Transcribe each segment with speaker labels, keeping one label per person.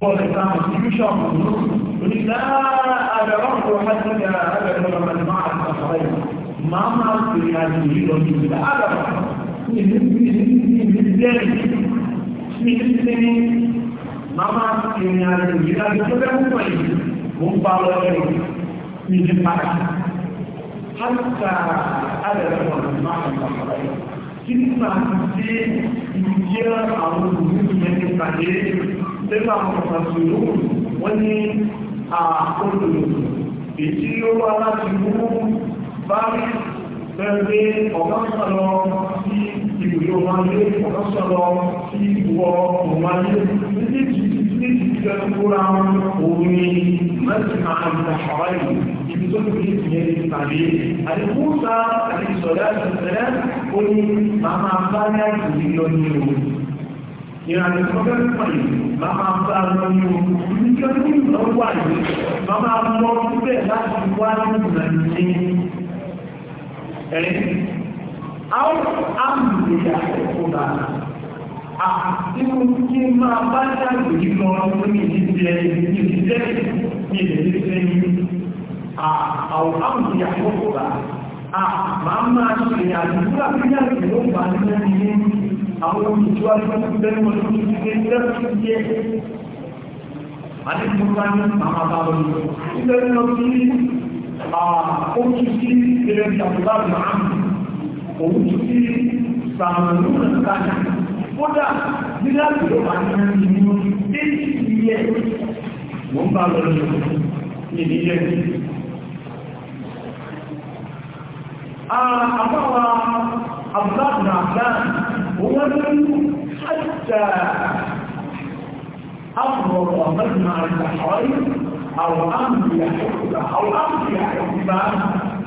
Speaker 1: for the constitution of the Muslims. لا
Speaker 2: أدركت حتى أدرك من مع الصحابة ما ما في هذه الدنيا لا أدرك من من من Mama ini ada kita juga mumpai, mumpal lagi, minjem mana? Hatta ada orang makan makan. Kita masih dia awal dulu menjadi nínú àwọn pàtàkì ìlú wọ́n ní àkọlù èyí ó wá láti mú bá bẹ̀rẹ̀ ọ̀gá sọ̀rọ̀ sí ìwé ọmọdé ọ̀gá sọ̀rọ̀ sí ìwọ ọmọdé
Speaker 1: níbi tí ìjọ ìgbóra òun
Speaker 2: ni mẹ́sìnà àgbà ṣàwárí ibi tó ní ìyẹn ní ìpàdé àdìkúta àti ìsọ̀dá ìṣẹ̀lẹ̀ ó ní màmá bá ní àìsàn ìlọ ní òun ìrìnàjò tó fẹ́ pọ̀ yìí máa máa bá lọ ní ohun ní kí ọdún yìí lọ wà yìí máa máa lọ síbẹ̀ láti wá ní ìrìnàjò ẹ̀rẹ́ àwọn àmìlẹ̀ àkọ́kọ́ba àtìkú kí máa bá ṣàgbè yìí lọ ní ìdíjẹ ìdíjẹ ìdíjẹ máa máa ṣe àdúgbà pínlẹ̀ ìlú bá ní ilé àwọn ìjọ́jú bẹ́rẹ̀ wọn ní ilé lẹ́fún jẹ́ àdínkùnká ní àwọn àbáwọn ilé lọ sí ojú sí ilé ìjàmbá màámi òun sí sàmàlú nàkàdà kódà nílẹ̀ ìlú bá ní ilé ilé mọ́ bá lọ ní ilé àbáwa abúláàbùnà àbáà wọ́n ní àjà àbúrọ̀rọ̀ àbájúmọ̀ àrìsàkọ́rí àwọn àmìyà ẹ̀kùnbá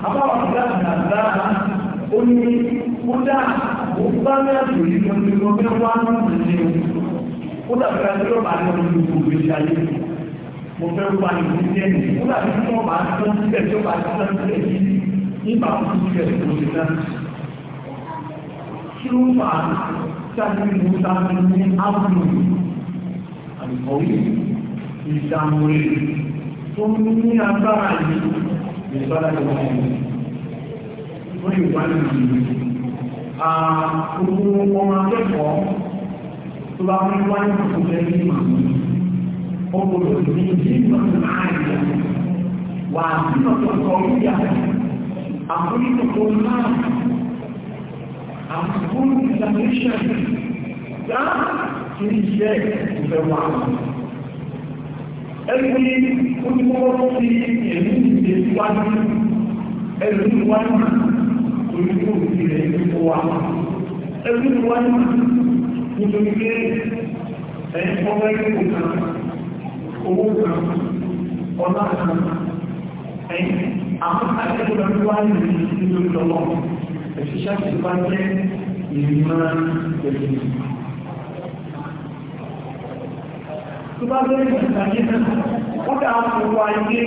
Speaker 2: àbáwa abúláàbùnà àbáà ó ní kúdà ó bá mẹ́rin ìlú ọmọ wọn ní kódà bí a yọ bá lọ ní gbogbo ìgbà yìí mo fẹ́ wá ní ìdílé ní kódà nígbà tó ti rẹ̀ tó ti náà kí ló fà ní ábùlù àbìkọ̀wé ìdàmúrè tó ń ní agbára yìí ìgbàlá ìwọ̀n wọ́n yóò wá akẹ́kọ̀ọ́ tó bá wọ́n wá nínú ìlú ẹni màmú. wà nínú ọ̀tọ̀ọ̀tọ̀ orí according to Quran, according to the mission, that is yet the one. Ẹgbẹ́ onímọ̀wọ́ fi èmi ìdè wájú, ẹ̀rù wájú, onímọ̀ ìdè ìdè wa. Ẹ̀rù wájú, nítorí pé ẹ̀yìn ọmọ ẹgbẹ́ kan, owó kan, àwọn akẹ́kọ̀ọ́ ló wá ní ìlú lọ́wọ́ ẹ̀ṣiṣẹ́ ti bá jẹ́ ìrìnà pẹ̀lú. tó bá bẹ́rẹ̀ ìgbàgbé náà wọ́n dá àwọn ọwọ́ ayé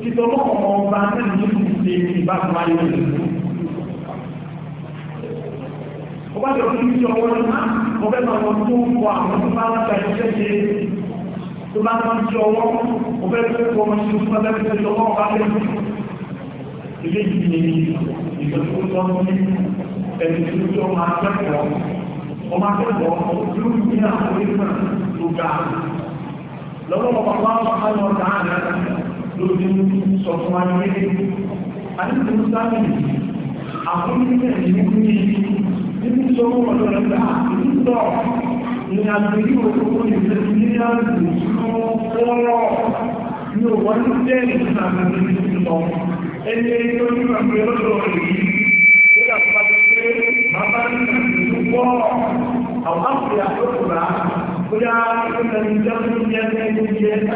Speaker 2: títọ́lọ́ ọmọ ọba náà ní ìṣe ìbámu ayé rẹ̀. ọba jọ fún ìṣe ọwọ́ náà ọbẹ̀ náà wọ́n tó ń kọ àwọn tó bá ń ta iṣẹ́ mo fẹ́ tó kọ́ ọmọ sí fún abẹ́rẹ́ tó lọ́wọ́ ọba rẹ̀ ilé yìí ni ìgbàlódé ọmọ ní ẹni tó tó ọmọ akẹ́kọ̀ọ́ ọmọ akẹ́kọ̀ọ́ lórí ní àwọn onímọ̀ tó ga lọ́wọ́ ọba wa wà lọ dáadáa lórí sọ fún ayé àti tó sáré àkóníkẹ́ ìlú ní nínú sọ́wọ́ ọ̀dọ́ rẹ̀ gbà nígbà ní àgbèrè òkú ìlú ní àgbèrè tó rọ̀ ní òwọ́n tó jẹ́ ìrìnà àwọn àpè àtọ́kùnrà ó yá ẹni jẹ́ tó jẹ́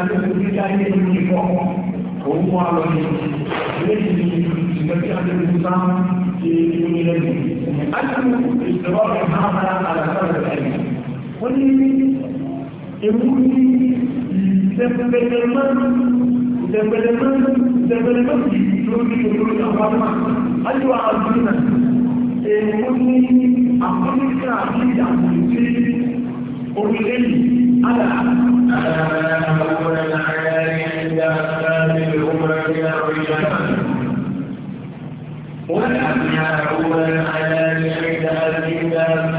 Speaker 2: wọ́n ní ewu ní dẹ̀bẹ̀lẹ̀mọ́n dẹ̀bẹ̀lẹ̀mọ́n dẹ̀bẹ̀lẹ̀mọ́n lórí olórí àwọn àjọ àdúrà èèmọ́ ní àfọ́nìkà àti àkùnjẹ́ orílẹ̀-èdè aláàbò. ولا أبناء أول الحلال عند أبناء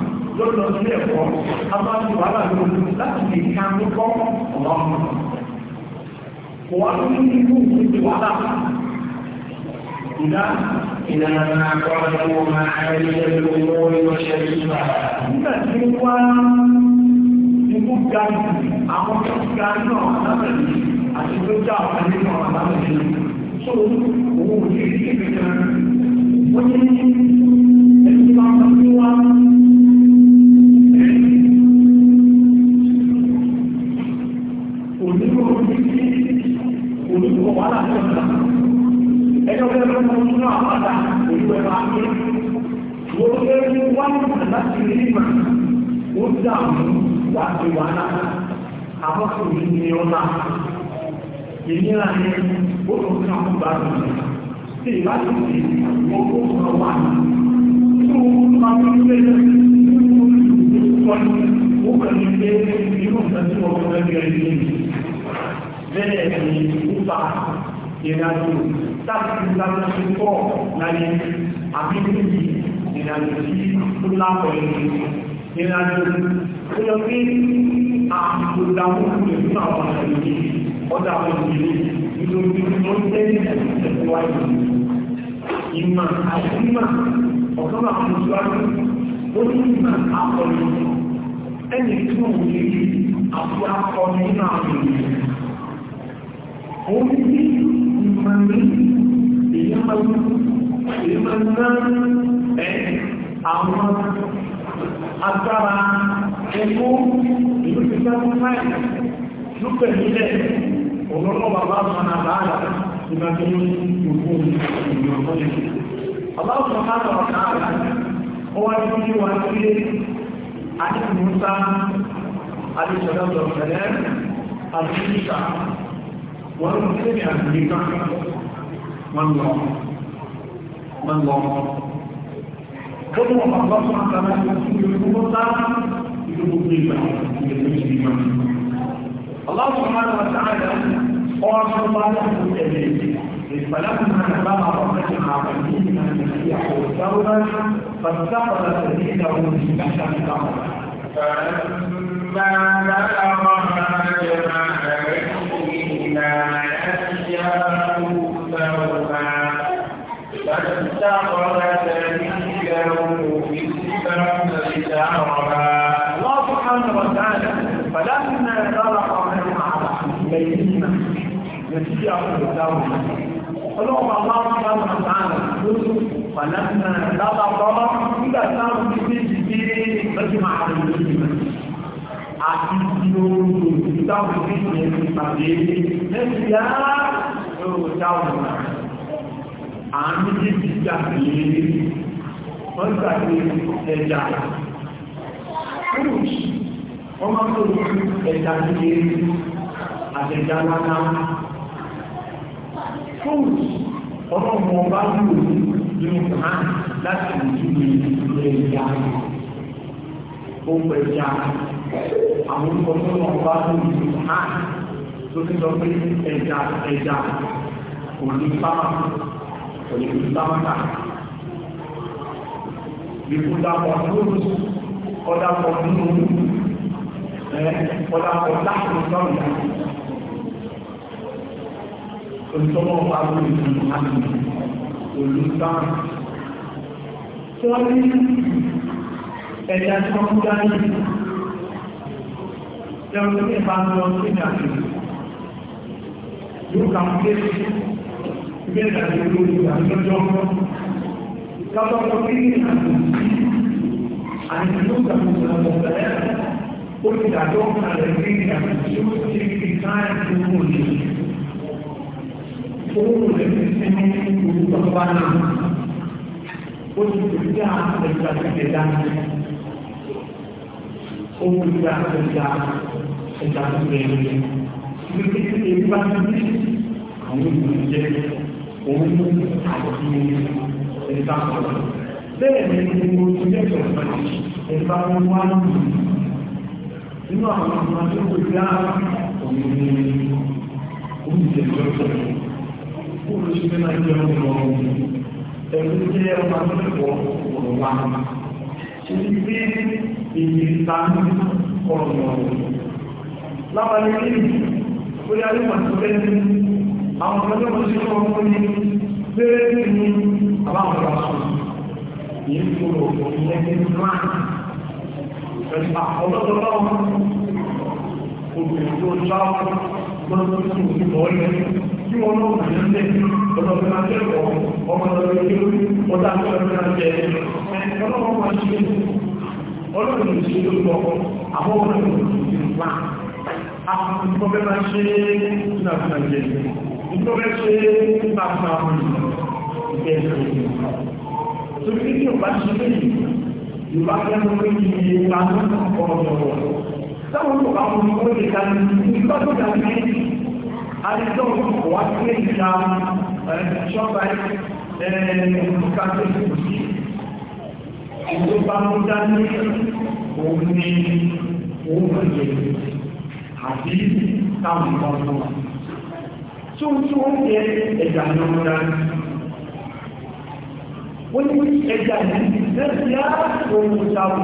Speaker 2: lọ́dọ̀ sílẹ̀ ẹ̀kọ́ abájú wàhálà lóru láti lè ka ń kọ́ ọ̀rọ̀ kò wá ní inú ìdí wàhálà ìdá ìlànà àkọọ́lẹ̀ wọn máa ń rí ẹgbẹ́ owó ìrọ̀ṣẹ́ ìgbà nígbà tí wá
Speaker 1: ikú ga àwọn tó ga náà lábẹ̀lẹ̀ àti tó já àwọn ẹni náà lábẹ̀lẹ̀ tó
Speaker 2: owó òṣèlú ìgbẹ̀kan wọ́n yẹ́ láti rí mà ó dààmú wà sí wàhálà àwọn kò ní ní ọlá ìnira ni ó lọ sí àwọn bá mi tí ìbá ti di owó kan wà tó máa ń gbé wọn ó kàn ní pé irú nǹkan tí wọn fẹ́ gbé ẹni bẹ́ẹ̀ ni ó bá ìrìnàjò láti láti fi pọ̀ láyé àbí níbi ìrìnàjò sí lápẹ̀lú ìrìnàjò tó yọ pé àkùdàmú pẹ̀lú àwọn àṣẹ̀lẹ̀ ọ̀dà òṣèlú nínú bí wọ́n jẹ́ ìtẹ̀síwájú ìmọ̀ àti ìmọ̀ ọ̀tọ́nà àkùsíwájú ó ní ìmọ̀ akọni ẹni tí wọ́n lè rí àti akọni náà lè rí òun ní ìmọ̀ rí èyí máa ń ná àwọn agbára ẹkú ìlú ti sẹ́kún náà lúpẹ̀ nílẹ̀ ọlọ́lọ́ bàbá sọ́nà bàárà nígbà tó ní gbogbo ìlú ọ̀pọ̀lẹ̀ bàbá sọ́nà bàárà ó wá ní kí wá sílé àti mùsá àti sọ̀dọ̀ sọ̀rẹ̀ àti níta wọ́n ń tẹ́lẹ̀ àti níta wọ́n lọ Como a próxima trabalha com o filho do votar, e do público, e depois de mim. Allah subhanahu wa ta'ala, ordem o pai a mulher فلما بلغ مجمع بنين المسيح ثورا فاستقر سبيله في بشر ثورا فلما بلغ مجمع بنين المسيح
Speaker 1: ثورا
Speaker 2: فاستقر عقربا الله سبحانه وتعالى فلما طلق منها على بينهما نسي أخذتهما ọlọ́run bàbá bàbá bàbá lóṣù pàlànà lábà bàbá nígbà táwọn ti fi jìbí lọ́jọ́ máa rẹ̀ lóṣù àti tí ó lòdì táwọn ti fi jìbí pàdé lẹ́sì yá ọ̀rọ̀ táwọn àmì jìbí jà pé wọ́n gbà pé ẹja ìlú wọ́n máa tó ní ẹ̀dà kékeré àtẹ̀dá lára fóònù ọlọ́mọ ọba lù nínú kan láti ìdílé ilé ìyá ó pẹ̀já àwọn ọmọ ọba lù nínú kan tó ọ̀dà pọ̀ nínú ọ̀dà pọ̀ láàrín lọ́rùn olùtọ́mọ̀ pàdé ìlú àti olùtàn tí wọ́n ní ẹ̀dà tí wọ́n kúrò ní ẹ̀rùn ní ìbájọ́ sí ìrìnàjò yóò kà ń pé ìgbẹ́ ìrìnàjò lórí ìrìnàjò lọ́jọ́ lọ́jọ́ lọ́jọ́ àìsílùkà mùsùlùmọ̀fẹ́ olùdàjọ́ àlẹ́gbẹ̀rẹ̀ àtúnṣe ti fi káyà tó kù ní owó rẹ̀ ti sinmi orúkọ bá náà ó ti fi dá ẹ̀ka tẹ̀lé dání owó ìgbà ẹ̀ka ẹ̀ka tẹ̀lé ní kékeré ìgbà tẹ̀lé àwọn ìgbìyànjẹ òun àti ẹ̀ka tẹ̀lé bẹ́ẹ̀ ni mo ti lẹ́sọ̀ọ́ ẹ̀fà wọn wá nù nínú àwọn ọmọ tó kò dá òmìnirí oúnjẹ lọ́sọ̀ kó ló ṣe máa jẹ ọmọ ọmọ ẹ̀rú jẹ́ ọmọ akẹ́kọ̀ọ́ ọ̀rọ̀ wa ṣe ní pé èyí ta ọ̀rọ̀ ọ̀rọ̀ lábàlẹ̀ yìí ó yá ló pàtó lẹ́nu àwọn ọmọdé wọn ọ̀rọ̀ ọ̀rọ̀ ìyẹn pẹ̀lú àkọlọ́tọ́lọ́ obìnrin tó sáwọn lọ́dún tó ti bọ̀ ọ́lẹ̀ tí wọ́n náà wà ní ilé ọlọ́dún máa jẹ́ ọ̀ ọmọ ọlọ́dún tó ní ọjà tó ẹgbẹ́ náà jẹ́ ọlọ́run máa ṣe ọlọ́run ṣe ló lọ àwọn ọmọ ọlọ́run ti ń pa àkọ́kọ́ máa ṣe nígbàgbà jẹ́ ìgbọ́bẹ́ ṣe nígbàgbà Yorùbá fẹ́ràn pé iye ìpanu ọ̀rọ̀ sáwọn olùkọ́ àwọn ọmọ orí ìta ní ìgbà tó dà ní àdìsọ́ wà sí ìta ṣọ́ba tó ń mú sáwù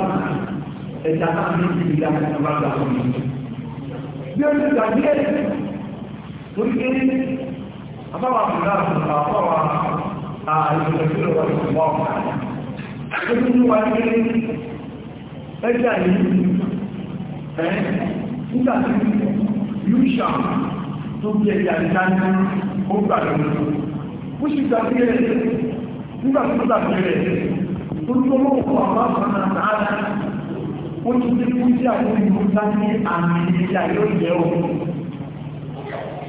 Speaker 2: ẹ̀dá náà ní ìlú ìlà ìjọba gbà fún mi. Bí ó ti gbà díẹ̀ torí pé àbáwá àbúrò àbúrò àbáwá àìsàn ìṣòro wà lọ́wọ́ ọ̀gá. Ó ti mú wa ní ẹja yìí ẹ̀ nígbà tí Yúṣà tó jẹ ìyá ìdáná ó gbà lọ́wọ́. Ó sì gbà díẹ̀ nígbà tó gbà díẹ̀ lójú olóòkú àwọn àmàlà àtàlà ó ti dé kú sí àwọn ìlú bá ní àmì ìjà yóò jẹ́ o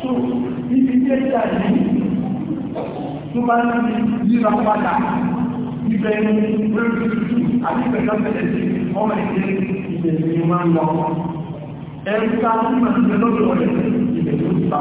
Speaker 2: so níbi tí ẹ̀jẹ̀ yìí tó bá ní yíra padà ibẹ̀ ní lórí àti ìpẹ̀lú ọ̀sẹ̀ sí ọmọ ìdílé ìbẹ̀rẹ̀ ni máa ń lọ ẹ̀rù ká ní ìmọ̀ lọ́dọ̀ rẹ̀ ìbẹ̀rẹ̀ ló ti bá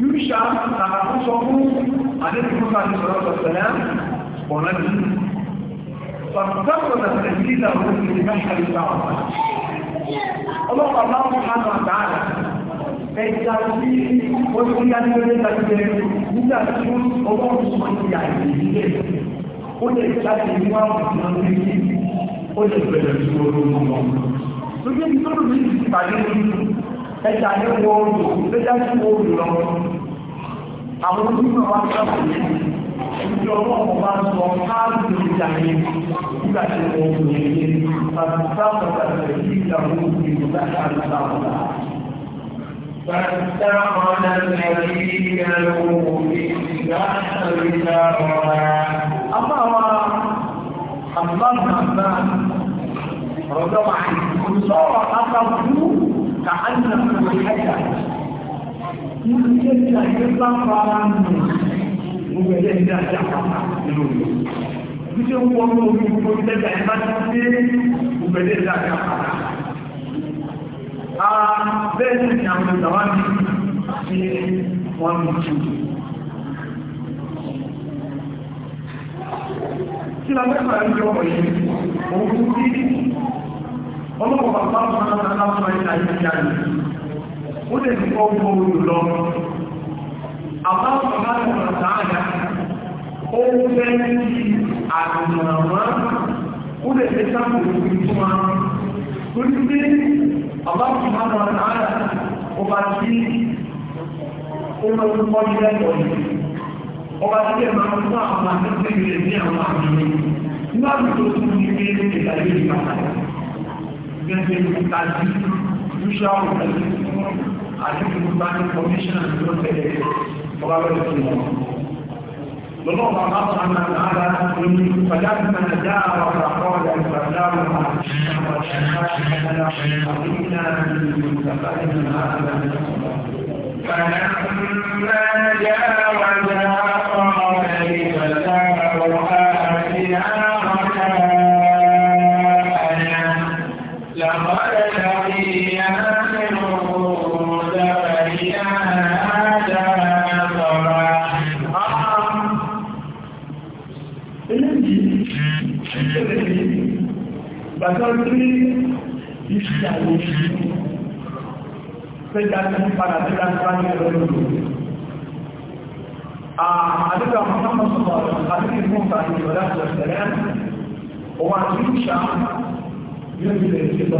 Speaker 2: yúṣà àkàkúsọ fún àdébìkúta ní sọ̀rọ̀sọ̀sẹ̀lẹ̀ ọ̀nà jù pàtàkùn àti ìdílà òun ti mẹ́ṣẹ̀ ìgbà ọlọ́pàá máa ń hàn àtàrà ẹja tí ó ti ń yájú lórí ìdájúdẹ nígbà tí ọwọ́ òṣùwọ̀n ti yà ìdílé ó lè jáde ní wà òṣùwọ̀n ní ìdílé ó lè bẹ̀rẹ̀ sí orúkọ wọn. lójú ẹni tó lù mí ìpàdé nínú ẹja ní wọ́ọ̀lù lẹ́jà sí wọ́ọ̀lù lọ àwọn onímọ̀ wa sábà ní ìjọ ọlọ́run bá ń sọ káàdì ìjà ní nígbà tí wọ́n ń lò ní àti sábà tàbí ìjà wọn ní ìgbà tí wọ́n ń lò فاتقن الذين يؤمنون أما الله عباس رضي الله عنه صار أخذوه كأنه الحجر من جدة يطلقا مبين جدة Iṣẹ́ ń wọ́n mú gbogbo ìjẹta ìbá ti ṣe òbẹ̀lẹ̀ ìdájá padà.
Speaker 1: A bẹ́ẹ̀ sí ni àwọn ìdàwà ní
Speaker 2: ṣe wọ́n mẹ́fà
Speaker 1: ń jọ ọ̀yẹ́, òun kú
Speaker 2: ọlọ́pọ̀ bàbá máa ń láwọn ẹ̀ta ìyá rẹ̀ ó lè ní ọgbọ́n olù lọ àbá bàbá ìwọ̀n sáàyà ó fẹ́ kí àdùnàmọ́ ó lè fẹ́ sáàpù òfin fún wa torí pé àbá bàbá ìwọ̀n sáàyà ó bá sí ó lọ sí pọ́jú lẹ́tọ̀ọ́ yìí ọba tí ẹ máa ń fún àwọn akẹ́kọ̀ọ́ ìrẹ̀lẹ̀ ní àwọn àmì nígbà tó tó kú ní pé ìlàyé ìgbà náà gẹ́gẹ́ ìtàjú usual àti ìgbàlẹ̀ commission ló tẹ̀lé ọba bẹ̀rẹ̀ sí wọn. lọ́wọ́ bàbá sọ́nà ara lórí pàjáde náà já àwọn àkọ́ ọ̀dà ìgbàlẹ̀ àwọn àwọn àṣàkà àti ìgbà
Speaker 1: ìgbàlẹ̀ náà
Speaker 2: sẹ́jà ní padà sí láti lọ́dún. Àdúgbà Muhammad Sọ̀rọ̀ àti ìfúnta ní ọ̀dá ìṣẹ̀lẹ̀ ọwà tí ó ṣá yóò ti lè ṣe lọ.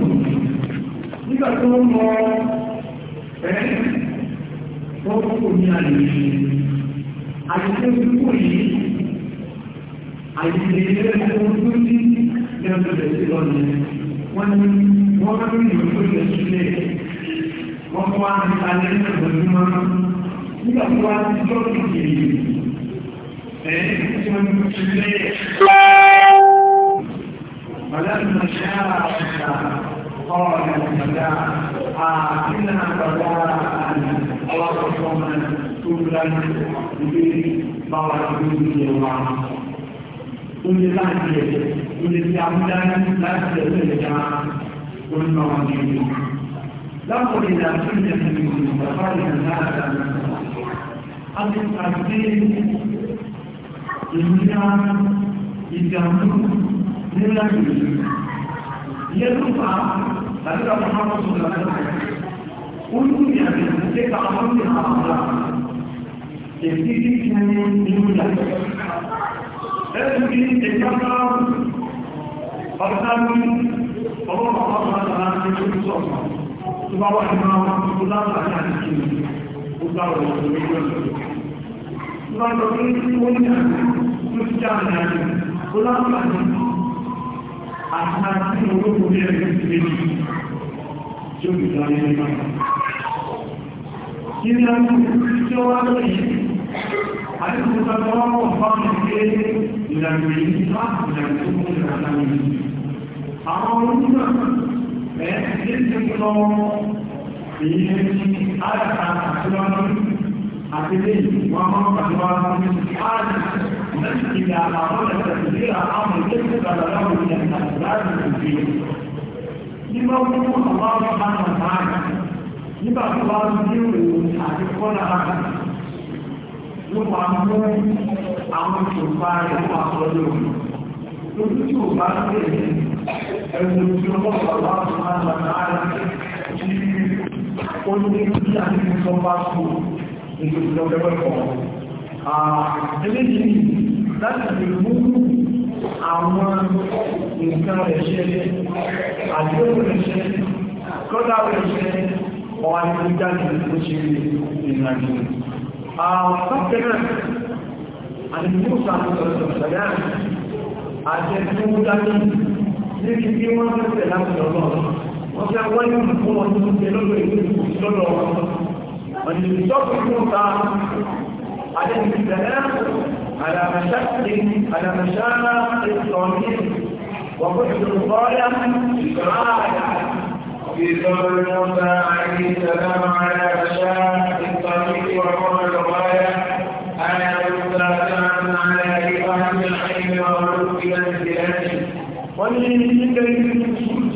Speaker 2: Nígbà tó ń mọ ẹ́ tó ń kò ní àyè àyíké púpọ̀ yìí àyíké ilé tó ń tó ní ẹgbẹ̀rẹ̀ sí lọ́dún. Wọ́n ní wọ́n rí ìlú tó wọ́n tó wá ní alẹ́ ní ìgbòjúmọ́ nígbà tó wá ní jọ́ kìkìrì ẹ̀yìn tí wọ́n ti lé ولما شاء قال الفتاة آتنا بلاء اللهم تبلا ببارك الله Oúnjẹ láti ẹ̀jẹ̀, oúnjẹ tí a mú dání láti ẹ̀jẹ̀ ìjọba, ó ń ní ìlú. لقد إذا كنت من مفارق هذا أن الأرضين إنها ìdàmú nílá ìlú yẹ́lúfà àti àpapọ̀ sọ̀rọ̀lẹ́lẹ́ olùkúni àti ìdíkà àwọn ní àpapọ̀ èdè kíkẹ́ ní inú ìyàtọ̀ ẹ̀sùn kí ìjọba ọ̀tá ní ọwọ́ ọ̀pọ̀ àti ìjọba bá wà ní máa wọn tó láǹfààní àti ìṣẹ̀lẹ̀ ó bá wọ̀ lọ́wọ́ lọ́wọ́ lọ́wọ́ bá lọ sí ní wọ́n ní àná tó ti já àná àná ó láǹfààní àti àti olóko ní ẹgbẹ́ ti lé ní tí ó ti dá ní ẹgbẹ́
Speaker 1: kí ni a ń tí
Speaker 2: ó wá lóyìí àti tó ta tó wọ́n wọ̀ fáwọn ìgbé ìlànà ìlú láti ìlànà tó mú ìlànà ìlú àwọn onímọ̀ ẹ̀ẹ́dì tí ń lọ èyí ní àjà àtúwájú àti lè wọ́n máa ń pàtíwájú ní àjà lẹ́yìn ìgbà àwọn ẹ̀sẹ̀ ìlera àwọn ilé ìgbàlá láwọn ilẹ̀ àtìláàrí òfin nígbà wọn mú ìṣòfà rẹ̀ wà lójú tí ó bá ń pè ní ẹ̀wọ̀n tí ó bọ́ bàbá àwọn àwọn àwọn tí ó ní kí a ní sọ bá kú ètò ìjọba kan. Eléyìí láti lè mú àwọn nǹkan rẹ̀ ṣẹlẹ̀, àdéhùn rẹ̀ ṣẹlẹ̀, kọ́dá rẹ̀ ṣẹlẹ̀, ọwá ní ó jáde ó ṣe ìrìnàjò. Àwọn kọ́kẹ́rẹ̀ àti mú sàmúsọ̀rọ̀ àjẹsíwúdání ní kí kí wọ́n tẹ̀sẹ̀ láti ọlọ́run wọ́n fẹ́ wáyé fún wọn tó ń tẹ lọ́dọ̀ ìlú ìlú lọ́dọ̀ wọn ọ̀nà ìtọ́kùn fún ta àjẹsíwúdání على مشاكل على مشاكل القوانين وبعد الغاية إشراع إذا موسى عليه السلام على مشاكل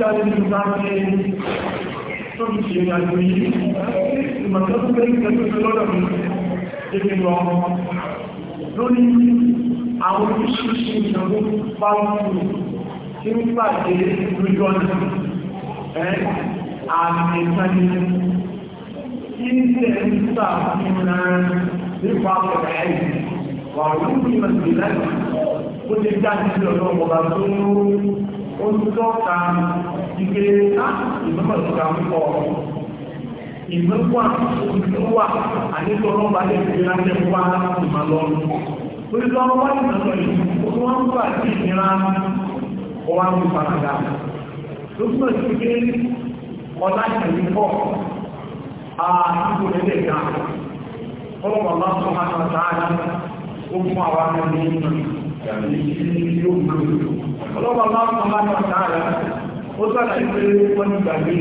Speaker 2: jáde ní ìgbàgbé tó ti ṣe ìrìnàjò yìí ìmọ̀tọ́ tó bẹ́ẹ̀ pẹ̀lú ìfẹ́lọ́dọ̀ mi débi lọ lórí àwọn oríṣiríṣi ìṣòro bá wọ́n tí ń pàdé lójú ọ̀nà ẹ̀ àmì ìtàní tí ń tẹ̀ ń tà ìrìnà nípa ọ̀rẹ́ ẹ̀yìn wà lórí ìmọ̀ ìgbìlẹ̀ ó ti jáde sí ọ̀gbọ̀gbà tó ń ó ń tọ́ka ike ìmọ̀lọ́ta ń kọ́ ìmọ̀lọ́wà ìmọ̀lọ́wà àníkọ́lọ́wà lè fi láti wá ìmọ̀lọ́rù orílọ́wà ìmọ̀lọ́ yìí ó wọ́n ń gbà sí ìnira ọwá ń farada tó túnmọ̀ sí pé ọlá ìrìn pọ̀ àtúkò lẹ́lẹ̀ ga ọlọ́wà ọlọ́pàá máa ń kọ́lá náà sára ó sára ìpé wọ́n ní gbàgbé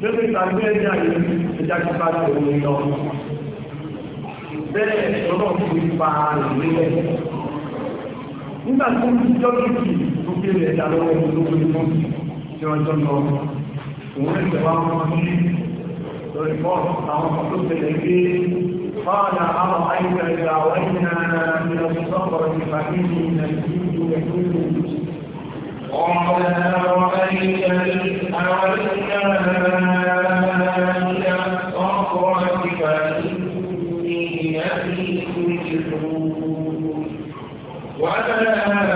Speaker 2: lórí ìtàgbé ẹja yìí ẹja ti bá tó ní lọ bẹ́ẹ̀ ọlọ́ fi pa ìlélẹ̀ nígbà tó ń jọ́ kìkì tó kéré ẹja lọ́wọ́ ológun ní fún tí wọ́n jọ lọ òun ẹ̀sẹ̀ wá wọn ní lórí bọ́ọ̀lù àwọn ọmọ tó tẹ̀lé gbé قال أرأيت إذا وينا من الصبر فإن نسيت يكون قال أرأيت إذ يكون ولا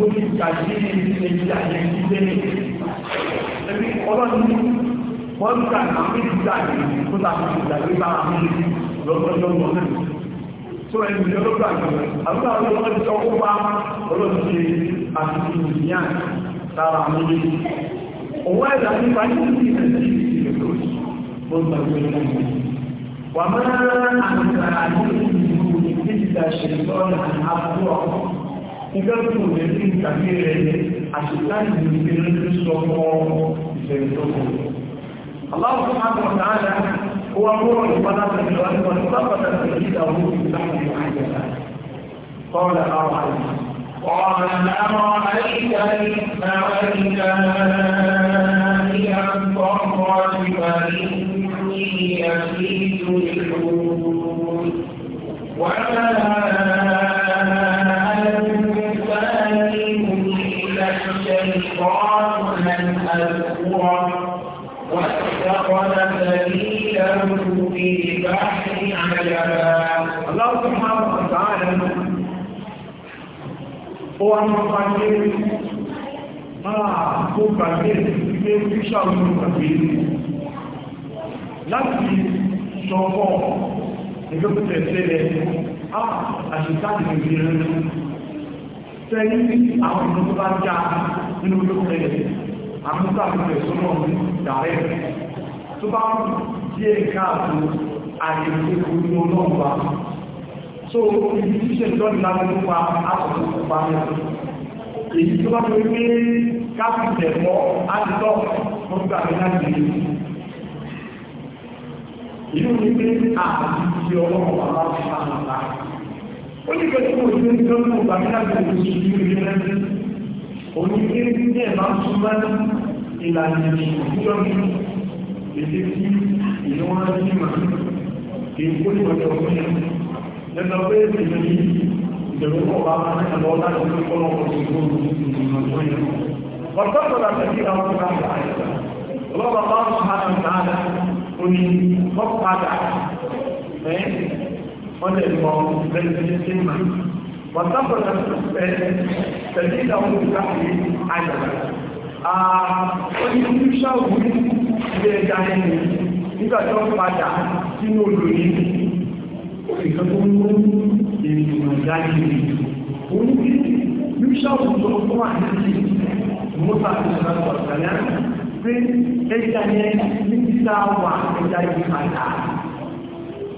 Speaker 2: mo ti ìrìnlẹ̀ àyẹ̀ ìdílé ẹ̀rí ọlọ́ni wọ́n gbà náà ní ìgbà yìí tó ta fi ìgbàgbé bá àwọn ọmọdé lọ́gbọ́dọ́ wọn náà tó ẹni ìjọ ló gbàgbé àbúrò àwọn ìrìnlẹ̀ ìrìnlẹ̀ ìjọ́jú rẹ̀ sí ìtàgé rẹ̀ ní àṣìláàrí ìgbèrè tó sọ fún ìṣẹ̀lẹ̀ tó kù. Aláwọ̀ tó máa tọ̀nà ààrẹ ó wá mọ́rọ̀ ìpàdà pẹ̀lú àwọn ìpàdà pẹ̀lú ìdáwó ìdáwó ìdáwó قال أرأيت قال أرأيت إذا إلى الضرة فإني أزيد الحوت وما في البحر عجبا الله سبحانه وتعالى هو المقدر ما هو قدير في شر المقدر láti ṣọ̀pọ̀ ìgbẹ́kùtẹ̀ tẹ́lẹ̀ àṣìkáàdì ìgbìyànjú tẹ́lẹ̀ àwọn ìlú bá já nínú olóòrẹ̀ àmúgbàmù ẹ̀sọ́nà ọ̀rẹ́ tó bá díẹ̀ káàkù àìsí orí ọlọ́ọ̀bá so ibi tí ṣe ìjọ́ ìlànà nípa àkókò pupa mẹ́rin èyí tó bá fi pé káàkù tẹ̀mọ́ àtìtọ́ tó gbà mí láti rí ìlú ní pé àti ti ọlọ́ọ̀bá bá fi máa ń ta ó ní kẹ́kẹ́ kó o ṣe ń tọ́jú ọgbà mí láti rí ìṣújú ìlú rẹ̀ òní kéré ní ẹ̀ máa ń súnmọ́ ìlànà ìṣòwò ìjọba èdè tí nímà kì í kó nímà tó fún yà lẹ́nà pé èdè ní ìdẹ̀rù kọ̀ bá máa ń lọ láti ní kọ́ lọ́wọ́ tó kó nímà tó yà ọ̀tọ́ sọ̀rọ̀ àtẹ̀kí àwọn ọ̀gá àyẹ̀dá ọlọ́wọ́ bá wọn hàn án dáadáa ó ní ọ̀padà ẹ̀ wọ́n lè mọ lẹ́yìn tí ń mà wọ́n sábà ẹ̀ tẹ̀lé ìdáwọn ìgbà yìí àyẹ̀dá ó ní ìṣàwùrí ilé ẹja ẹni nígbà tí wọ́n padà sínú odò yìí ìkan tó ń mú ènìyàn dájú òun ní bíṣọ́ọ̀bù tó fún àdíjì mọ́ta tó sọ́nà ọ̀sánà pé ẹja yẹn ní títà wà ẹja yìí padà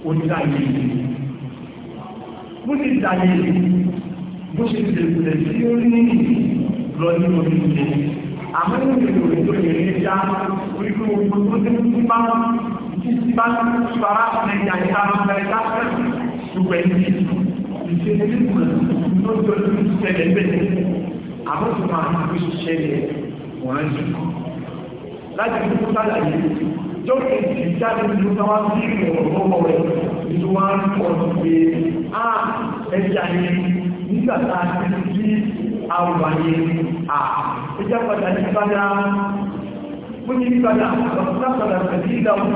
Speaker 2: oníkà yìí bó ti dà yìí bó ti dèkùlẹ̀ sí orí lọ ní orí ilé àmọ́ nínú ìlú ìlú ìlú ìjà oríkú ogun tó ti ń bá wọn títí bá ń fara nàìjà ìta ọ̀rẹ́ lápẹ́ ṣùgbẹ́ ní ìṣẹ́lẹ̀ nínú lọ́jọ́ ní ìṣẹ̀lẹ̀ bẹ́ẹ̀ àmọ́ tó máa ń fi ṣẹlẹ̀ wọ́n jù láti fi kú sálàyé lókè ìjáde ìlú táwa sí ìrọ̀lọ́wọ́ rẹ̀ ìlú wa ń pọ̀ sí pé á ẹja yẹn nígbà tá a ti rí àwọn ayé à ìjẹ́ padà ní padà wọ́n ní padà lọ́pọ̀lá padà pẹ̀lú ìdáwọ̀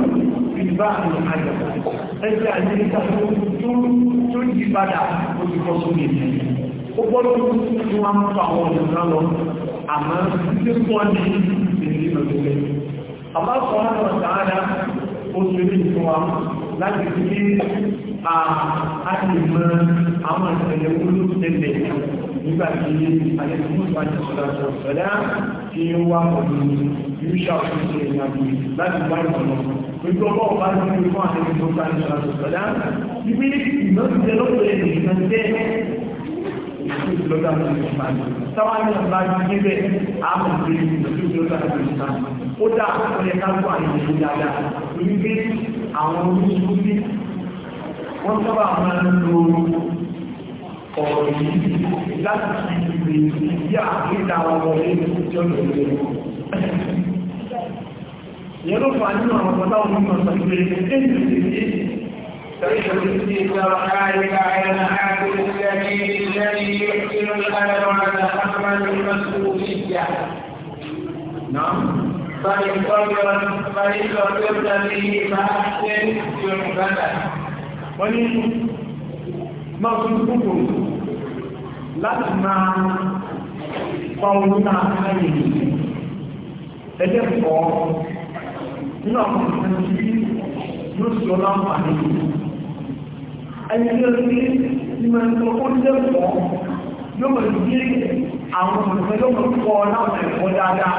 Speaker 2: ìgbà àwọn àjọ ẹgbẹ́ ayé níta tó yí padà ó ti kọ́ sókè ó gbọ́dọ̀ tí wọ́n ń fa àwọn ọ̀dọ́ lọ àmọ́ tí wọ́n ní ìdílé lọ́dọ́lẹ́ àmọ́ sọ wọn lọ sáárá ó nígbà tí àyẹ̀kùnmùsù àjẹsọ̀lájọ sọ̀dá tí ó wà pẹ̀lú yúṣà òṣìṣẹ́ ìyàbí láti bá ìtọ̀nà pẹ̀lú ọgbọ́ ọ̀pá ní orí fún àyẹ̀kùnmùsù àjẹsọ̀lájọ sọ̀dá ibi ní ìmọ̀síṣẹ́ lọ́pẹ̀ ìrìnàjẹ́ ìṣúlọ́dà ìrìnàjẹ́ táwọn ìrìnàjẹ́ bá ti débẹ̀ àmọ̀ ìrìnàjẹ́ ìṣúlọ́dà ó dá ọ̀pọ̀lẹ̀ kágbà ìlú dáadáa orí pé àwọn orí ọ̀rìn láti ìrìn ìdí àríta ọmọdé tó lòdé wọn. yẹ́nú fà ní àwọn ọmọdá wọn mọ̀ sọ́gbẹ̀rẹ̀ ẹ̀yìn ìrìnlẹ̀ Fàìkọ́ ìrọ̀lẹ́ ìgbà ṣe ń fi ọmọ gbádà. Wọ́n ní máa tún kúrò láti máa pa ohun náà káyè ẹgbẹ́ pọ̀ nínú àwọn ìpínlẹ̀ tí yóò sì lọ́lá àmì ẹni tí ó ti ní máa ń tọ́ ó jẹ́ pọ̀ yóò mọ̀ sí àwọn ìpínlẹ̀ yóò mọ̀ pọ̀ láwọn ẹ̀kọ́ dáadáa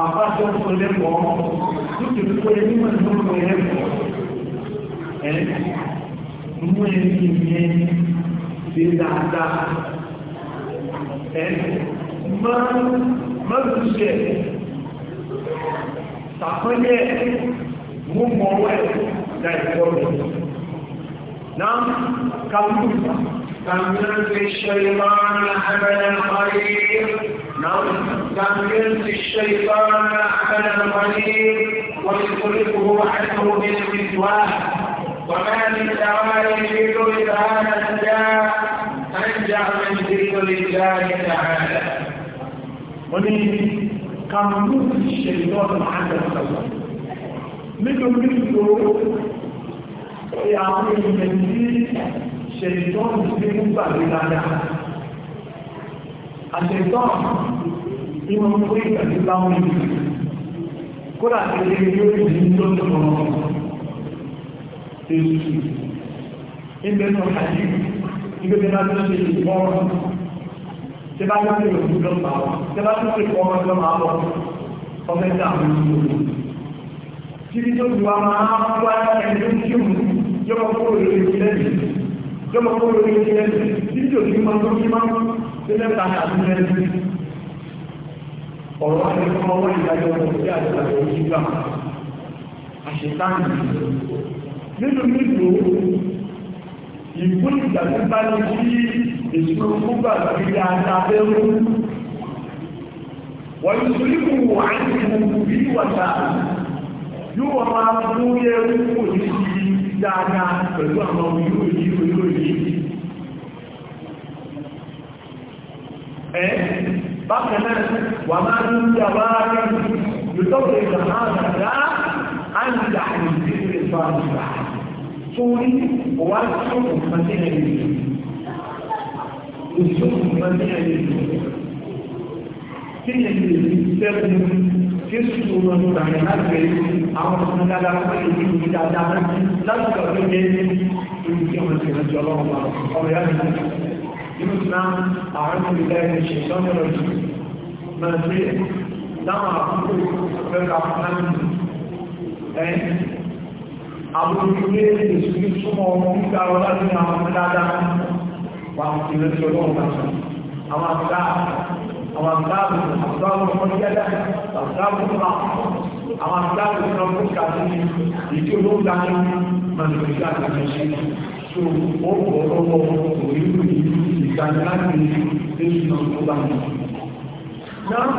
Speaker 2: àbájọ́ tó lẹ́kọ̀ọ́ lókè púpọ̀ ẹni mọ̀ ní ọmọ ẹlẹ́kọ̀ọ́ ẹ̀ mú ẹni yẹn ṣe dáadáa ẹ̀ má lù ṣe tàpẹ́lẹ́ mú mọ́ wẹ̀ láìpọ̀ rẹ̀ náà kàwé تمكن في الشيطان حبل القليل نعم. تمكن في الشيطان حبل القليل ويصرفه عنه بالفتواه وما من ثواب في هذا الداء انجع من ذكر الله تعالى ومن كم في الشيطان عند الخلق مثل مثله ويعطيه المزيد ṣètọ́nù tí ó gbàgbé dáadáa àṣetọ́nù tí wọ́n kó ìgbàgbé bá wọn yìí kódà tí ó lè yóò di tó tó wọn èsù ìgbẹ́ náà kàdí ìgbẹ́ tí wọ́n ti ṣe ìwọ́n tí bá yóò lè òkú lọ́pàá wọn tí bá tó lè fọwọ́ lọ́ máa bọ̀ ọmọ ẹ̀dá àwọn ìlú títí tó ju àwọn àwọn àwọn ẹni tó ń kí òun yọ kó lórí ìlú lẹ́yìn jọmọ kó lórí ilé ẹni títí òní máa tó ní máa ṣe mẹ́ta ní àbúrò ẹni àti ọmọ wọn ìdájọ́ ọmọ sí àjọyọ̀ àjọyọ̀ ìgbà àṣetáàmì nínú nílò ìgbóni ìgbàgbé sí èsùn gbogbo àgbègbè àti abẹ́rú wọ́n ti sọ nípò wọ́n á ti mú bí wọ́n ta yóò wọ́n máa fún yẹ́rú kò ní sí dáadáa pẹ̀lú àwọn ìlú ìlú ìlú ìlú ẹ̀ bákan náà wà máa ń yà wá rí lùtọ́pẹ̀ ìgbàmáàdá àìyà ìdílé fàájúwà tó rí wà sókùn mọ́tíẹ̀ ìlú ìsókùn mọ́tíẹ̀ ìlú kí ni ìlú ìsẹ́kùn jésù wọn gbàgbé láti rí àwọn ọmọ dada fún èyí ìlú dada láti ọdún yẹn ní ìlú tí wọn ti rìn jọ lọ́wọ́ ọmọ yá mi nínú náà àwọn ọmọ ìlú ẹni ṣe lọ́nà ọdún máa gbé láwọn àkókò fẹ́ra fún ẹ àwọn olùgbé èsù ní súnmọ́ ọmọ nígbà wọn láti ní àwọn ọmọ dada wà á ti rìn jọ lọ́wọ́ àwọn àbúrò وأصحابه أصحابه حجة وأصحابه أو أصحابه ربك كافرين يجيبون لهم من رجال المشي شو هو هو ويريد يكان لكن ليش نقولان نعم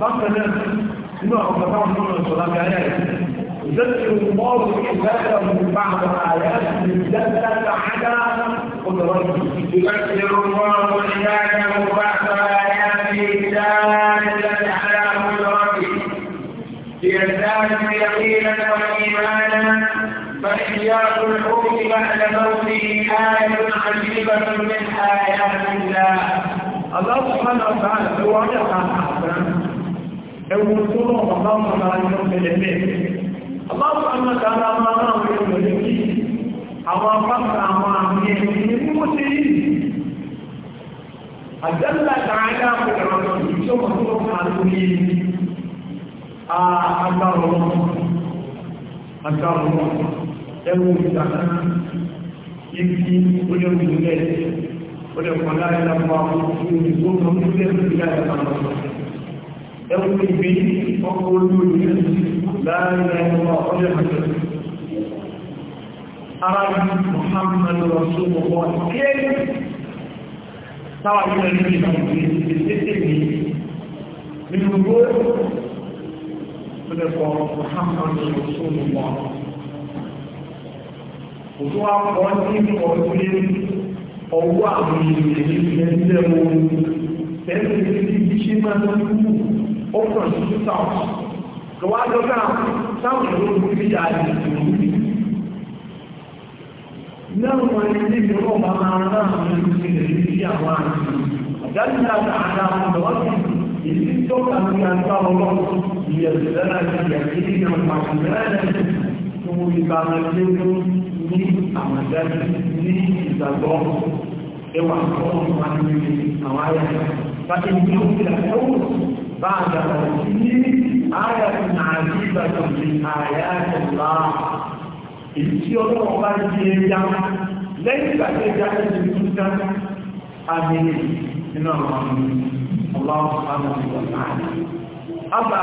Speaker 2: بقنا إنه أبطان من صلاة آيات يذكر الله عباده بعض آياته دلت على قدرته يذكر الله عباده بعض جل على قدرته ليزداد يقينا وايمانا فاحياء الحوت بعد موته آية عجيبة من آيات الله الله سبحانه وتعالى هو يقع أحسن يقول الله الله سبحانه وتعالى ما نعمل به أما فقط من المسلمين àjẹ́lá tààdá pẹ̀lú ìṣọ́ mọ̀tò àtúnyé agbára agbára ẹwọ ìdàkà ibi olóògbé olóòkọ̀lá ìlàpọ̀ àwọn olùgbò mọ̀tò ẹwọ ìgbé ọkọ̀ olóògbé láàrin ẹwọ ọlọ́pàá Arabi Muhammadu Rasulullah kéèkéé táwà yíò ẹni bí ìlànà ìgbésẹ̀ mi nínú gbó lẹ́kọ̀ọ́ Muhammad Rasulullah òtú wa kọ́ ní ọdún ọwọ́ àwọn ènìyàn ní ẹgbẹ́ wọn tẹ́lẹ̀ ní bí ṣe máa ń kú ọkàn sí sáwọn lọ́wọ́ àjọ náà sáwọn ìlú ìgbésẹ̀ àti ìlú láwọn ilé ìrọ̀ bàbá aláàmì ìpínlẹ̀ ìrísí àwọn àti ọ̀dájúdá àdá ọ̀dọ́wọ́sí èyí tó kàrí àgbà ọlọ́run ìyẹ̀sẹ̀lẹ́lá ti yàtí ní ọmọ àkùnrin tó mú ibà lẹ́gbẹ̀ẹ́ ní àmàdájú ní ìgbàgbọ́ ẹwà ọlọ́run wà ní àwọn ayà èyí tí ọlọ́wọ́ bá di ẹja lẹ́yìn ìgbà tí ẹja ti di kúta àmì nínú àwọn àmì ọlọ́wọ́ àmì ọ̀la. أبا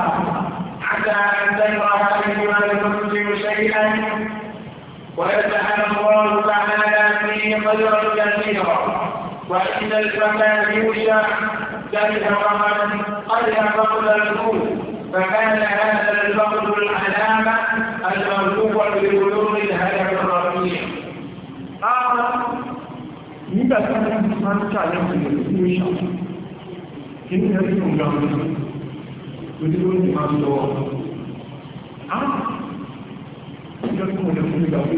Speaker 2: حتى لا يرى ولا يمثل شيئا ويسأل الله تعالى فيه خيرا كثيرا وإن الفتى يوشع كره رملا قد فقد الكون فكان هذا الفقر العلامة المنبوبة لغلوم الهدف الرفيع آه nígbà tí wọ́n ti máa ń ṣàlẹ́ ìpínlẹ̀ ìlú ìṣàlẹ̀ kí ní ẹ̀rí fún ìgbà wọn lórí ló ti máa ń lọ àwọn ìjọ tí wọ́n lè fún ìgbà wọn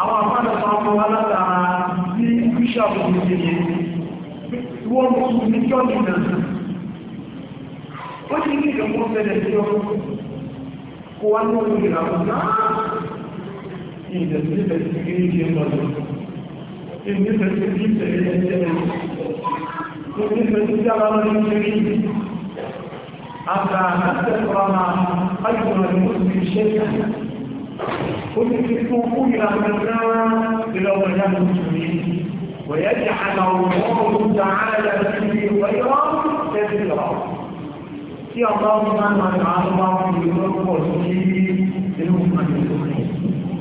Speaker 2: ìgbà wọn àti àwọn ìwọ mùsùlùmí jọ́ọ̀nì náà ó ti ní ìjọba ọ̀sẹ̀lẹ̀ sí ọ kó wá ní ọdún ìlànà náà ní ìdẹ̀sílẹ̀ sí kí ní ìjẹ́ lọ́dọ̀ ìdífẹ̀ sí kí tẹ̀lé ẹ̀jẹ̀ ìdífẹ̀ sí kí ara lọ́dún ṣe kí àgbà àtẹ́kọ̀ọ́ máa ayọ̀rọ̀ ní oṣù iṣẹ́ ó ti fi fún fún ìlànà náà ìlọ́wọ̀ ìyá mùsùlùmí ويجعل الله تعالى فيه خيرا كثيرا يا الله سبحانه وتعالى يقول فيه للمؤمن المسلمين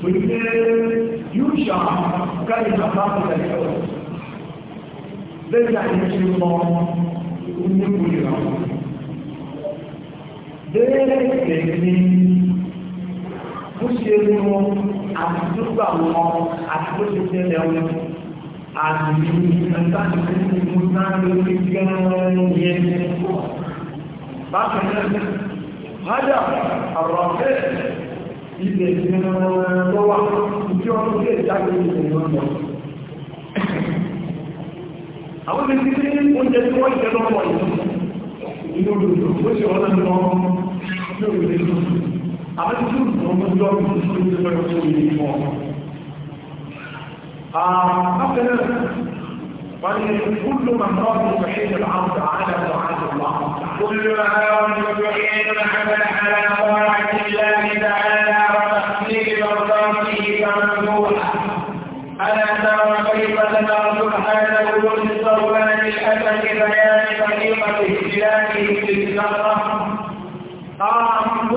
Speaker 2: ويقول يوشع كلمة خاطئة الأول بيرجع للشيطان ويقول لي ذلك يكفي bó ṣe mú àti ìtàkì ìlú náà lórí gẹ́rùn-ún yẹn. Bákan náà, Hájà àrọ̀fẹ́ ilẹ̀ gẹ́rùn-ún tó wà tí ó ń lè jáde ìrìn ọ̀dọ̀. Àwọn ti ti ní oúnjẹ tí wọ́n jẹ lọ́pọ̀ inú olùdó tó ṣe wọ́n lọ́nà lọ́wọ́ lórí ìlú. Àwọn ti tún lọ́mọdé lọ́rùn tó ṣe lọ́rùn tó yẹ مثلا كل من راضي يعين العرض على طاعة الله كل من راضي يعين العمل على طاعة الله تعالى وتحصيل مرضاته فممدوحة ألا ترى كيف ذكر سبحانه كل مستوى للأسف بيان طريقة اختلافه في الزهرة قام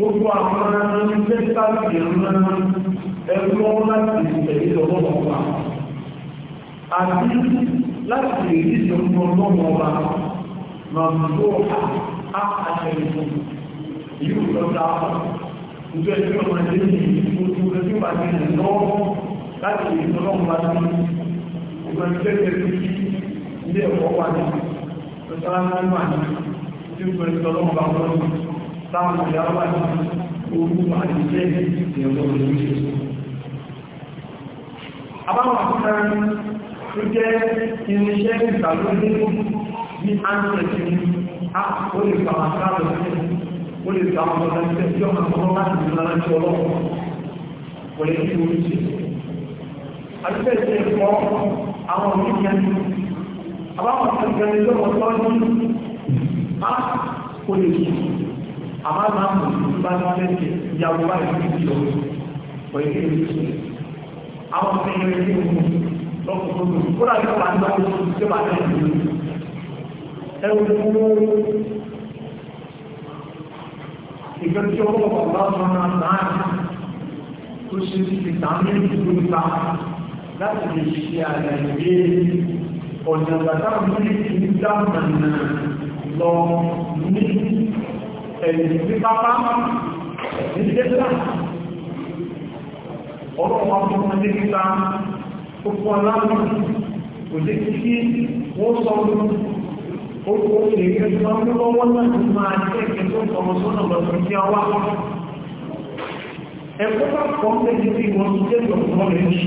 Speaker 2: هو من تستقبل ẹgbẹ́ wọn láti tẹ̀lé lọ́wọ́ ọba àti láti èyí tó ń bọ́ lọ́wọ́ ọba máa ń tó àtẹ̀lẹ́fọ́ yóò lọ dáa ìjọ ẹgbẹ́ ọmọ ẹgbẹ́ yìí ojú ẹgbẹ́ wà ní ìlọ́wọ́ láti èyí tó lọ́wọ́ ọba ní ọgbà ìjọ ẹgbẹ́ ilé ẹ̀kọ́ wà ní ọ̀sán wà ní tí ó pẹ̀lú ọlọ́wọ́ ọba wọn láwọn ìyá wà ní orúkọ àti ìjẹ́ ìjẹ́ ìjẹ́
Speaker 1: ìjẹ́
Speaker 2: àbáwọn àkókò tó jẹ́ irinṣẹ́ ìgbàlódé ní áńtẹ̀tì ní ó lè gbà wọn sáàbọ̀ sí ó lè gbà wọn lọ́dọ̀ sí ẹjọ́ àkọ́kọ́ láti ní lára tí ọlọ́wọ́ kò lè fi orí ṣe àdúgbò ìṣe ẹ̀kọ́ àwọn òkìkẹ́ àbáwọn àkókò tó wọ́n tọ́jú àwọn ọmọ ìlú ẹgbẹ́ òun lọ́kùnrin tó kódà yóò wà nígbà tó ṣe wà ní ìlú ẹwù fún ìgbẹ́ tí ọkọ̀ ọ̀gá ọmọ náà náà tó ṣe ti tààmì ìlú nípa láti lè ṣe àlàyé ọ̀nà ìgbàdáwò ní ìlú dáhùn náà lọ ní ẹ̀yìn pípápá ní dẹ́gbà ọlọ́run wọn fún ọmọdé nípa gbogbo aláàmú kò jẹ́ kí wọ́n sọ ọdún orúkọ òṣèré ẹgbẹ́ ọdún lọ́wọ́ náà ti máa jẹ́ ẹgbẹ́ tó sọ́nà lọ́sọ̀ tí a wá ẹ̀kọ́ bá kọ́ lẹ́yìn tí wọ́n ti jẹ́ ìjọba rẹ̀ ní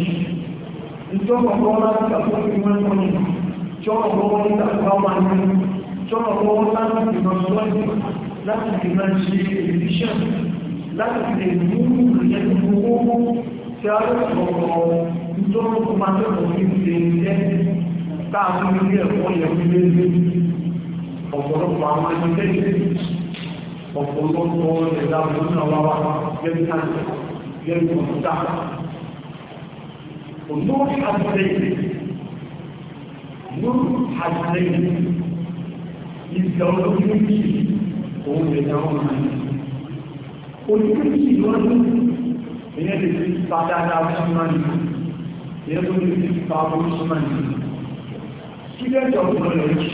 Speaker 2: ìjọba ọ̀rọ̀ láti kàtó fi wọ́n mọ́ ni jọ́nà máa ní jọ́nà lọ́wọ́ láti ìrọ̀sọ́lájú lè mú ìrìnàṣẹ́ tí a lè sọ̀rọ̀ nítorí tó máa tó kò ní ṣe jẹ́ táàbí ilé ẹ̀kọ́ yẹ kí lé lé ọ̀pọ̀lọpọ̀ àwọn ẹgbẹ́ ilé ọ̀pọ̀lọpọ̀ ẹ̀dá òun náà wá wá lẹ́yìn àti lẹ́yìn kọ̀ǹtà òṣùwọ̀n àtìlẹ́yìn lórí àtìlẹ́yìn ìgbà olóyún yìí òun lè dáhùn náà olùkọ́ yìí lọ́dún ìyẹn lè fi pa dáadáa súnmọ́ ni ìyẹn tó lè fi pa burú súnmọ́ ni kí lẹ́jọ́ ọ̀gbọ́n rẹ̀ jù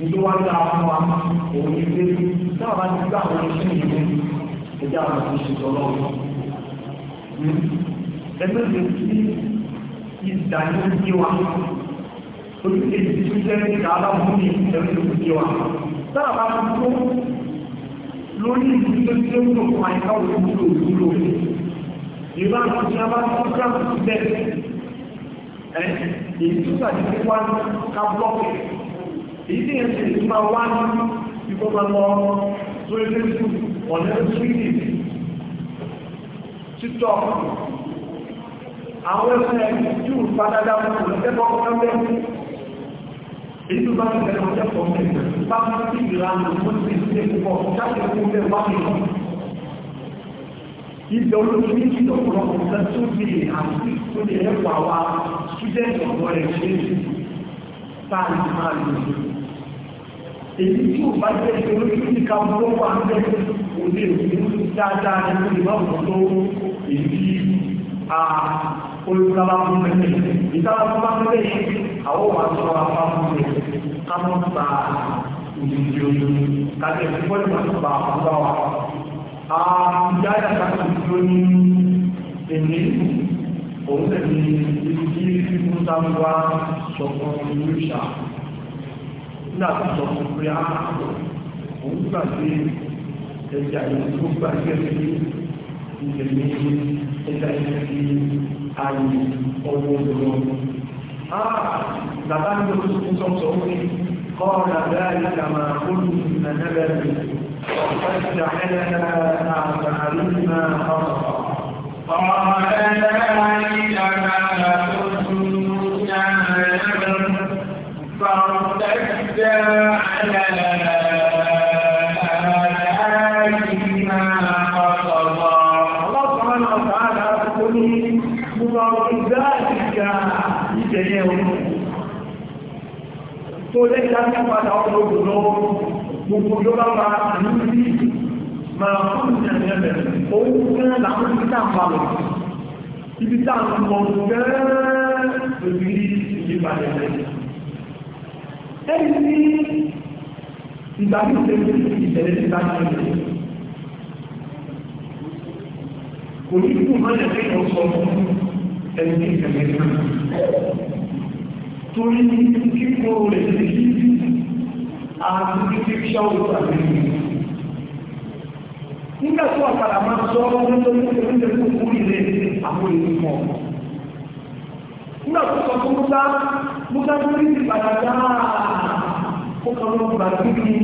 Speaker 2: nítorí wá dáa fún wa òun ní pé náà bá ti gbà wọn sí ìlú ẹjẹ́ àwọn tó ṣe tọ́lọ́ ẹgbẹ́ mi ti ìdájọ́ gbé wa olùkejì tó jẹ́ ìdá aláwọ̀ ní ìdájọ́ lórí ìdílé tí ó ń lò fún àyíká òwúlò òwúlò
Speaker 1: ìbá tó ti abá tó gíráàmù síbẹ̀ ẹ èyí tó gbà títí wá
Speaker 2: ní ká blọọkì èyí tí yẹn ti lè máa wá ní ìgbọ́gbà lọ lórí facebook ọ̀nà twitter tiktok àwọn ẹgbẹ́ yóò padà dáhùn ẹgbẹ́ kọ́kọ́ èyí bá ti tẹ̀lé ọjọ́ pọ̀ mẹ́rin bá wọ́n ti ìlànà tó ti ṣe pọ̀ jáde fún bẹ́ẹ̀ wá mi lọ. Ìjọ olóṣù ní ìjọ ọ̀pọ̀lọpọ̀ ọ̀sán tó di àti tó lè ẹ̀kọ́ àwa ṣúdẹ́ẹ̀tì ọ̀pọ̀ rẹ̀ ṣe é tá a lè máa lò. Èyí tí ò bá jẹ́ ìṣòro tí ti ka bọ́ wà ń bẹ́ kò lè mú dáadáa ní kò lè má wù tó èyí olùsábà fún mẹ́rin. Ìsábà fún mẹ́rin àwọn wà tó wà fáwọn ilé ká mọ́ gba ìdíje ojú kájẹ́ ìfúnpọ̀ ní wà tó gba àwọn bá wà. Àbújá yàtọ̀ tó dúró ní èmi òun tẹ̀lé ibi tí fífún sáré wá sọ fún ìlú ìṣà. Nígbà tó sọ fún pé á òun gbà pé ẹja ìlú tó gbà gẹ́gẹ́ bí ìdèmí ẹja ìlú ti àyè ọwọ́ ọdún ها آه، لقد كنتم تقولي قال ذلك ما كنا نبغي فافتح لنا ما تعلمنا Yeah. tó lẹ́yìn láti padà ọmọ òdòdó gbogbo ló bá ma ìlú sí máa fún ìjẹ̀mí ẹ̀mẹ̀ òun fẹ́ làwọn ibi tá à ń bá lọ ibi tá à ń lọ gẹ́gẹ́ lórí ìyípadà ẹ̀mẹ̀ ẹni tí ìgbà tó ṣe ní ìṣẹ̀lẹ̀ ti bá ṣe lè kò ní kú mọ́lẹ̀ pé ó sọ fún ẹni tí ìṣẹ̀lẹ̀ náà torí kíkó rẹ̀ sí àti títí ṣọ́wọ́ tàbí nígbà tó àpàdà máa sọ ọ́ nítorí oúnjẹ tó kú ilé àwọn èèyàn mọ̀ nígbà tó sọ fún múta múta tó rí ti padà dáa ó kọ́ ló gbà tó kí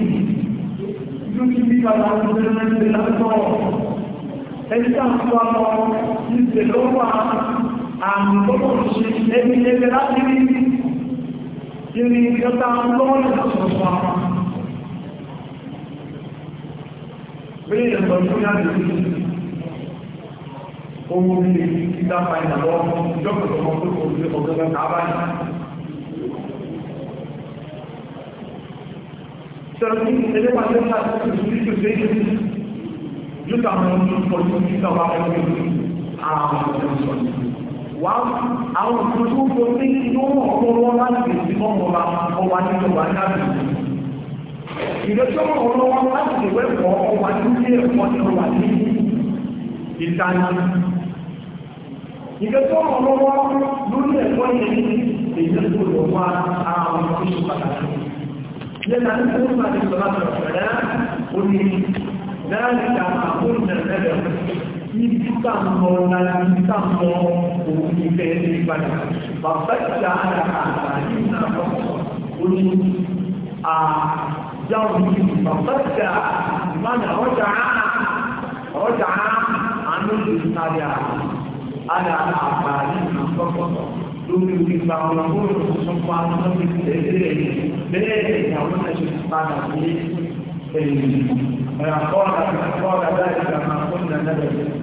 Speaker 2: lójú bí padà ń bẹ lẹ́sẹ̀ lásán ẹni tá à ń sọ ọmọ ní ìṣèlú wà àmì tó kọ̀ ṣe ẹni ẹgbẹ́ láti rí ìrìn ìjọta lọ́wọ́lù lọ́sọ̀ọ̀sọ̀ àpá bí ẹ̀sọ̀ tó ní àjẹ́ ohun ní ìdá fàìdà lọ́wọ́ ìjọ́kọ̀ọ́kọ́ tó kò ní ọ̀gẹ́gẹ́ tàbáyì sẹ́rọ̀kí ẹlẹ́pàá tẹ́lá wà àwọn ìtọ́jú tó ní yóò ọkọ̀ wọn láti lè fi ọmọ wa ọwà nínú wa náà ìrẹsì ọmọ ọ̀rọ̀ wọn láti lè wẹ́pọ̀ ọwà nínú ẹ̀kọ́ nínú wa ní ìtajà ìrẹsì ọmọ ọ̀rọ̀ wọn lórí ẹ̀kọ́ yẹn èyí tó lọ wá àwọn oṣù pàtàkì lẹ́nà ní kí wọ́n máa ti sọ láti ọ̀fẹ́ rẹ̀ ó ní dáríkà àwọn oúnjẹ níbi títà ń lọ láti títà ń lọ òun ní fẹ́ ní ìpadà bàbá ìjà ara àtàrí náà lọ olú àjáwò ní bàbá ìjà ìmọ̀nà ọjà ọjà àánú lè sáré ara àtàrí náà lọ́kọ̀ọ̀kọ̀ lórí ìgbà ọlọ́mọ òṣìṣẹ́ fún àwọn ọmọ ìgbésẹ̀ bẹ́ẹ̀ ni àwọn ẹ̀ṣẹ̀ padà sí ẹ̀yìn. قال قال ذلك ما قلنا نبذ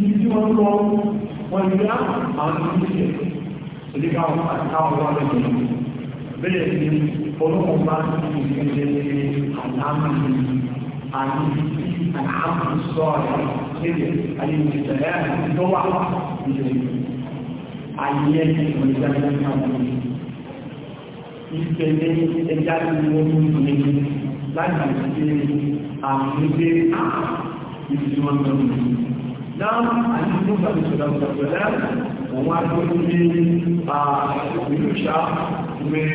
Speaker 2: ní tí wọ́n lọ wọ́n ní àwọn ìdílé ìdí káwọn àtàwọn wọn lọ́dún bẹ́ẹ̀ ni ọlọ́run bá ti fi ṣe àlámì àmì àmì sọ̀rọ̀ níbi àyè ìṣẹ̀lẹ̀ tó wà nílẹ̀ ayé ìgbàlódé náà ìṣẹ̀lẹ̀ ẹja ni wọ́n mú ní láti ṣe àmì ìgbé ìṣúná lọ́dún. Now, I need to have to them for them. And what will be uh, we shall with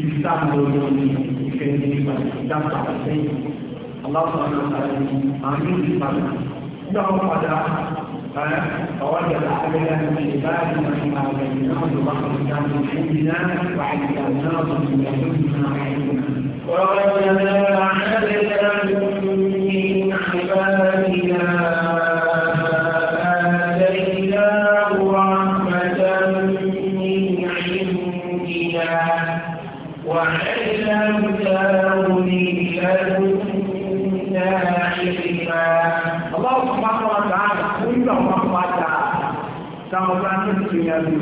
Speaker 2: Islam will be defending by Islam for the same. Allah subhanahu wa ta'ala, Amin Islam. Now, Father, فوجد أحدنا من عبادنا فيما بينهم الله كان من عندنا وعلمناه من لدنا علما. ووجدنا عبدا táwọn bá ní ìrìnàjò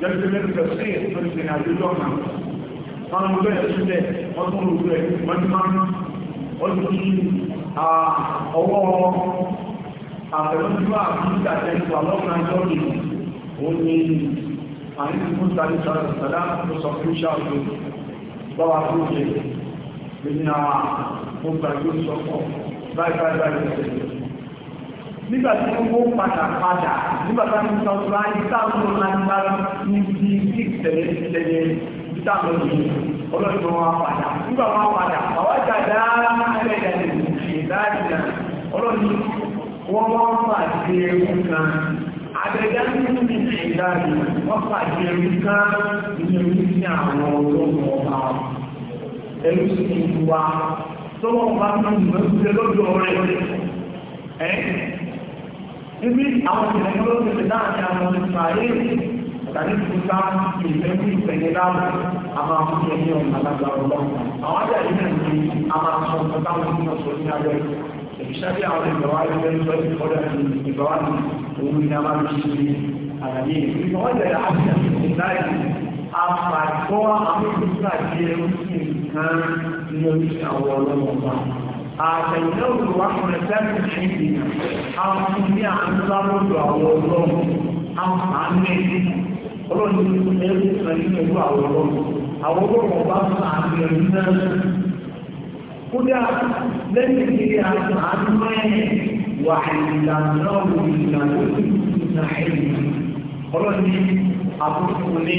Speaker 2: jẹ́jẹ́ mẹ́rin sí ètò ìrìnàjò lọ́nà wọn mú bẹ́ẹ̀ sílẹ̀ wọ́n tún rú rẹ̀ wọ́n ti máa ń wọ́n ti fi ọwọ́ àfẹ́lójúwà fún ìtàjẹ́jù ni àyíkún tàbí sàdá tó sọ fún ṣáàtò bọ́wà tó jẹ́ nínú àwọn ọgbà yóò sọ fún nígbà tí wọ́n kó padà padà nígbà tí wọ́n sọ fún ayé táwọn ọmọ alágbára ní bí bí ìtẹ̀lẹ̀ ìtẹ̀lẹ̀ ìtàwọn yìí ọlọ́dún wọn padà nígbà wọn padà àwọn àjàdá ẹlẹ́dàá lè ṣe dáadáa ọlọ́dún wọn wọ́n pàdé ẹkùn kan àbẹ̀dá nínú ní ìdáàbò wọ́n pàdé ẹkùn kan nínú ní àwọn ọlọ́dún ọba ẹlú sí ìlú wa tọ́wọ́ bá ń mú ìmọ̀ ìgbẹ́ lọ́dún ọ̀rẹ́ ẹ̀ níbi àwọn ìrìnàjò ló ti dáa ní àwọn ìsìnmáyé tàbí ìfúnta ìfẹ́kù ìfẹ̀yẹ láàbù àwọn amúnyẹ ní ọ̀nà alágbára ọlọ́run àwọn ajá yìí náà ní a máa sọ ọ̀sán táwọn ọmọ sọ ní abẹ́ ìṣẹ́bí àwọn ìgbàwá ẹgbẹ́ ń sọ ìfọ́dà ní ìgbàwá ní òun ní a máa fi ṣe àlàyé ìgbàwá ìgbà àti ìdáyà àpàgọ́ àwọn ìgbàgbé ẹrú sí nǹkan ní oríṣi àwọn ọlọ́run ọba àtẹ̀yìnlẹ́wò wàhùn ẹ̀sẹ̀mù ṣìkìnà àwọn ní àmúláwòdò àwọn ọlọ́run àwọn àmì ọlọ́run ẹ̀rù ìsànlẹ̀ pẹ̀lú àwọn ọlọ́run àwọn ọlọ́run ọba fún àmì ẹ̀rù náà kódà lẹ́yìn tí a àmì mẹ́rin wà ìlànà ìlànà ìlànà ẹ̀yìn ọlọ́run ní àbúkùnlé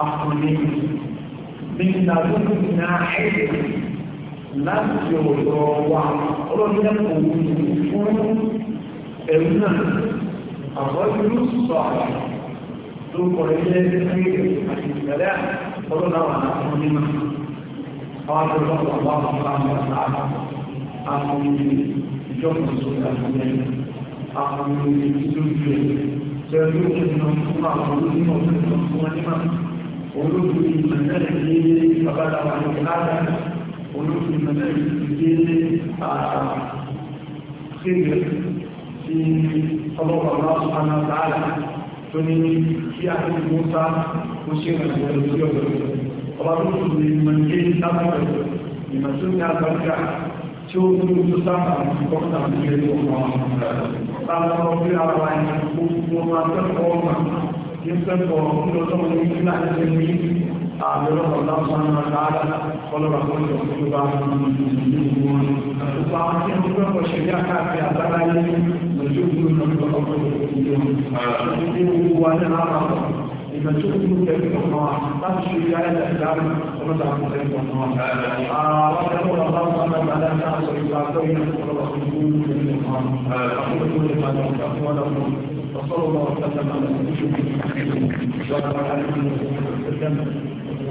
Speaker 2: àkùnlé nígbà tó kù náà ẹ̀yìn láti ọ̀dọ̀ wa ọlọ́dẹ́kùn fún ẹ̀rù náà àbọ́jú sọ àgbà tó kọ̀rọ̀ ilé ẹgbẹ́ àti ìgbẹ̀lẹ́ ọlọ́dáwà àwọn onímọ̀ àwọn akọ̀lọ́pọ̀ àwọn àwọn àwọn àwọn ìjọba sọ̀rọ̀ àgbẹ̀ àwọn olùdíjọ́ pẹ̀lú ìrìnà fún àwọn olùdíjọ́ fún onímọ̀ olóògbé ìgbẹ̀lẹ́ olóògùn ìpínlẹ̀ ìdílé sílẹ̀ tí ọlọ́pàá lọ́pàá ọ̀nà tààlà tó ní kí a tó mú sá ó ṣe ìrìnàjò sí ọ̀dọ̀ ọba tó tún lè mọ̀ ní lábẹ́ ìmọ̀ tó ní agbára tí ó ní ojú sábà ní kọ́ta ní ilé ọmọ táwọn ọmọ bí ara ẹni gbogbo ọmọ akẹ́kọ̀ọ́ ọmọ ní sẹ́kọ̀ọ́ ní أعبدك الله سبحانه وتعالى قال رسول الله صلى الله عليه وسلم فأعطيهم وشجاعة في أبرائي نشوفهم من تفضل نشوفهم وأنا أعرف لما تؤمن به الله تمشي الى الاسلام وتدعو اليه الله وتقول الله سبحانه وتعالى تعصر الى كونك ورسوله من الله اقول لما تقول ولكم وصلى الله وسلم على نبينا محمد وعلى اله وصحبه وسلم